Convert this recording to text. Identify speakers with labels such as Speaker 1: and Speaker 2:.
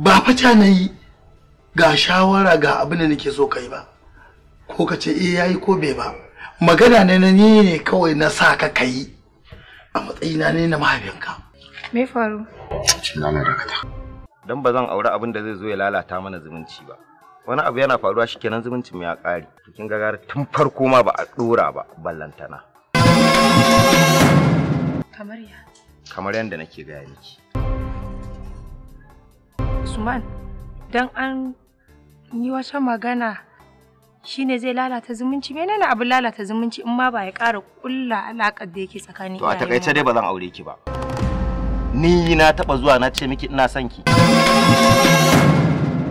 Speaker 1: ba fata na yi ga shawara ga abin da nake so kai ba ko ka ce eh yayi ko bai ba magana ne na ni ne kawai na sa ka kai a matsayina ne na mahaifinka
Speaker 2: me faru
Speaker 3: dan ba zan aure abin da zai zo ya lalata mana zumunci ba wani abu yana faruwa shikenan zumuncin mu ya kare kin ga gara tun farko ma ba a dora ba ballantana kamar ya kamar yanda nake gaya miki
Speaker 2: Usman don an yi wata magana shine zai lalata zumunci menene abin lalata zumunci in ma ba ya ƙara ƙulla alaƙar da yake tsakanin To a takaice dai
Speaker 3: ba zan aure ki ba. Ni na taɓa zuwa na ce miki ina son ki.